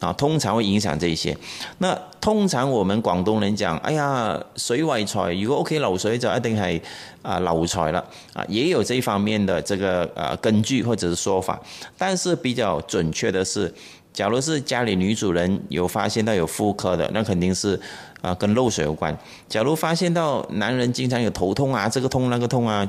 啊，通常會影響這一些。那通常我們廣東人講，哎呀，水為財，如果屋企漏水就一定係啊流財啦啊，也有這一方面的這個呃、啊、根據或者是說法，但是比較準確的是，假如是家裏女主人有發現到有婦科的，那肯定是啊跟漏水有關。假如發現到男人經常有頭痛啊，這個痛那個痛啊。